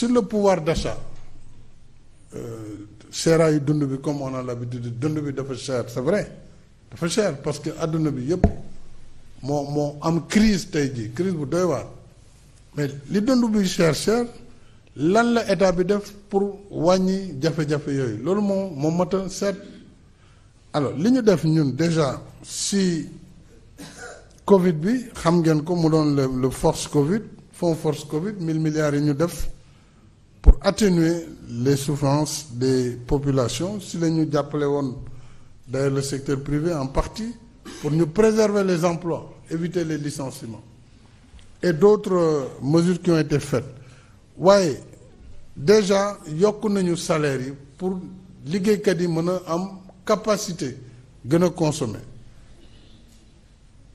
sur le pouvoir d'achat euh, seeraayu dund bi comme on a l'habitude dund bi dafa cher c'est vrai dafa cher parce que àdduna bi yëpp moo moo am crise tey jii crise bu doy waar mais li dund bi cher cher lan la état bi def pour wàññi jafe-jafe yooyu loolu moom moo mat a seet alors li ñu def ñun déjà si Covid bi xam ngeen ko mu doon le le force Covid fonds force Covid mille milliards yi ñu def pour atténuer les souffrances des populations si la ñu jàppale woon d'ailleurs le secteur privé en partie pour ñu préserver les emplois éviter les licenciements et d'autres euh, mesures qui ont été faites waaye déjà yokk nañu salaire yi pour liggéeykat yi mën a am capacité gën a consommer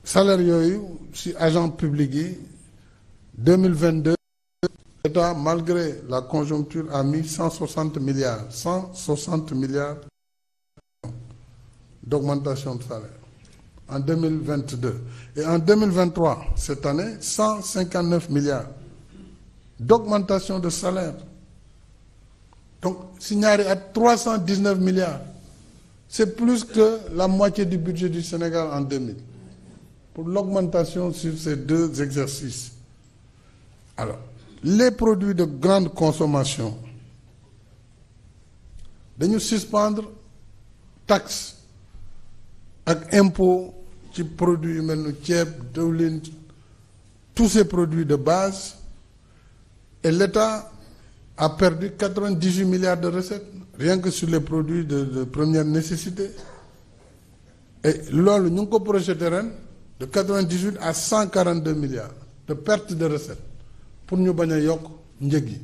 salaire yooyu si agent public yi 2022 l'État, malgré la conjoncture, a mis 160 milliards, 160 milliards d'augmentation de salaire en deux mille vingt deux Et en deux mille 2023, cette année, cent 159 milliards d'augmentation de salaire. Donc, signalé à 319 milliards. C'est plus que la moitié du budget du Sénégal en 2000 pour l'augmentation sur ces deux exercices. Alors, les produits de grande consommation dañu suspendre taxe ak impôt ci produits yu mel ni ceeb diwlin tous ces produits de base et l'État a perdu quatre-vingt-dix-huit milliards de recettes rien que sur les produits de de première nécessité et loolu ñu ngi ko projeté ren de quatre-vingt-dix-huit à cent quarante-deux milliards de perte de recettes pour ñu bañ a yokk njëg yi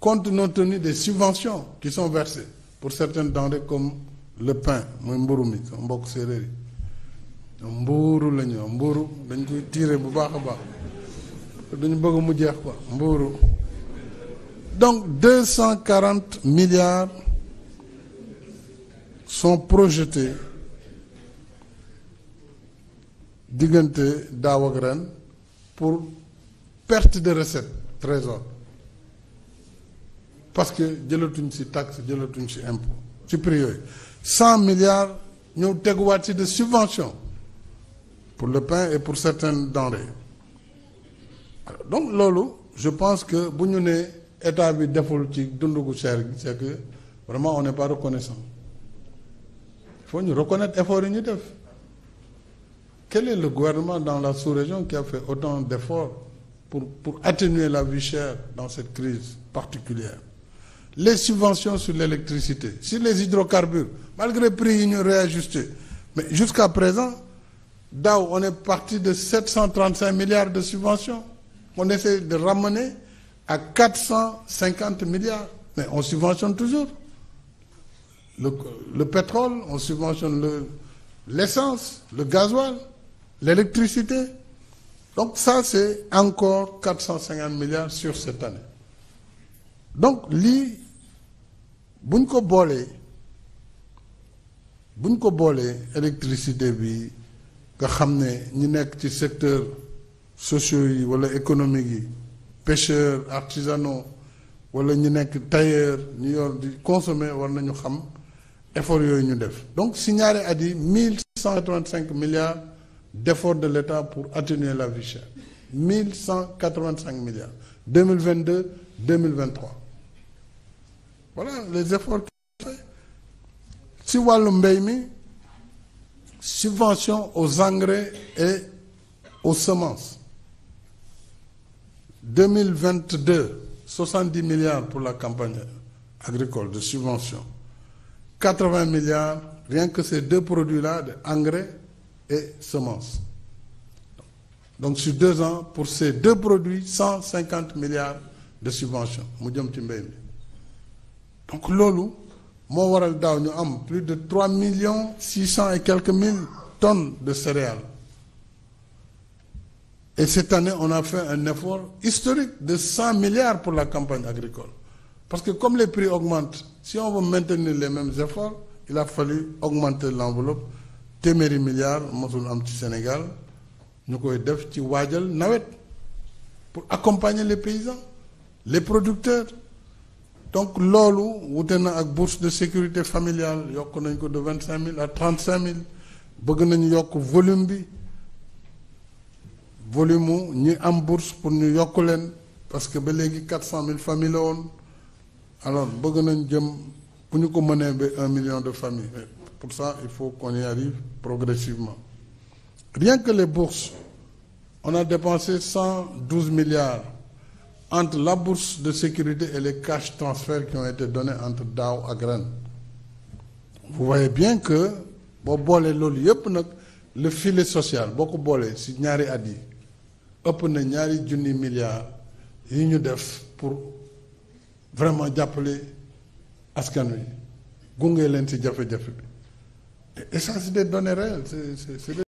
compte non tenu des subventions qui sont versées pour certaines denrées comme le pain mooy mburu mi sa mbokk séeréer yi ñoom mbuuru la ñu mbuuru dañ koy tiire bu baax a baax dañu bëgg mu jeex ko mbuuru donc deux cent quarante milliards sont projetés diggante daaw ak ren pour perte de recette trésor parce que jëlatuñ si taxe jëlatuñ si impôt ci prix yooyu cent milliards ñëw teguwaat ci de subvention pour le pain et pour certaines denrées donc loolu je pense que bu ñu nee état bi deful ci dundu gu cher gi c'est que vraiment on n'est pas reconnaissant il ñu reconnaître effort yi ñu def quelle est le gouvernement dans la sous-région qui a fait autant d'efforts pour, pour atténuer la vie chère dans cette crise particulière. Les subventions sur l'électricité, sur les hydrocarbures, malgré prix yi ñu réajusté. Mais jusqu'à présent, daaw on est parti de 735 milliards de subventions. On essaie de ramener à 450 milliards. Mais on subventionne toujours. Le, le pétrole, on subventionne le l'essence, le gasoil, l'électricité. Donc ça, c'est encore 450 milliards sur cette année. Donc lii buñ ko boolee buñ ko boolee électricité bi nga xam ne ñi nekk ci secteur sociaux yi wala économique yi pêcheurs artisanaux wala ñu nekk tailleur ñu yor di consommer war nañu xam effort yooyu ñu def donc si ñaari at mille cinq milliards d'efforts de l'État pour atténuer la vie mille cent quatre-vingt-cinq milliards deux mille vingt-deux deux mille vingt-trois voilà les efforts si wàllu mbéy mi subvention aux engrais et aux semences deux mille vingt-deux soixante-dix milliards pour la campagne agricole de subvention quatre-vingts milliards rien que ces deux produits la de engrais et semence donc sur deux ans pour ces deux produits cent cinquante milliards de subventions mu jëm ci mbéy mi donc loolu moo waral daaw ñu am plus de trois millions six cent et quelques mille tonnes de céréales et cette année on a fait un effort historique de cent milliards pour la campagne agricole parce que comme les prix augmentent si on veut maintenir les mêmes efforts il a fallu augmenter l'enveloppe téeméeri milliards mosul am ci Sénégal ñu koy def ci waajal nawet pour accompagner les paysans les producteurs donc loolu wute na ak bourse de sécurité familiale yokk nañ ko de vingt cinq mille à trente cinq mille bëgg nañu yokk volume bi volume mu ñi am bourse pour ñu yokk leen parce que ba léegi quatre cent mille familles la woon alors bëgg nañ jëm bu ñu ko mënee ba un million de familles. Pour ça, il faut qu'on y arrive progressivement. Rien que les bourses, on a dépensé 112 milliards entre la bourse de sécurité et les cash transferts qui ont été donnés entre Daaw ak ren vous voyez bien que boo boolee loolu yëpp nag le filet social boo ko boolee ci ñaari at yi ëpp na ñaari junni milliards yi ñu def pour vraiment jàppale askan wi gunge leen ci jafe-jafe bi échange des données réelles c'est c'est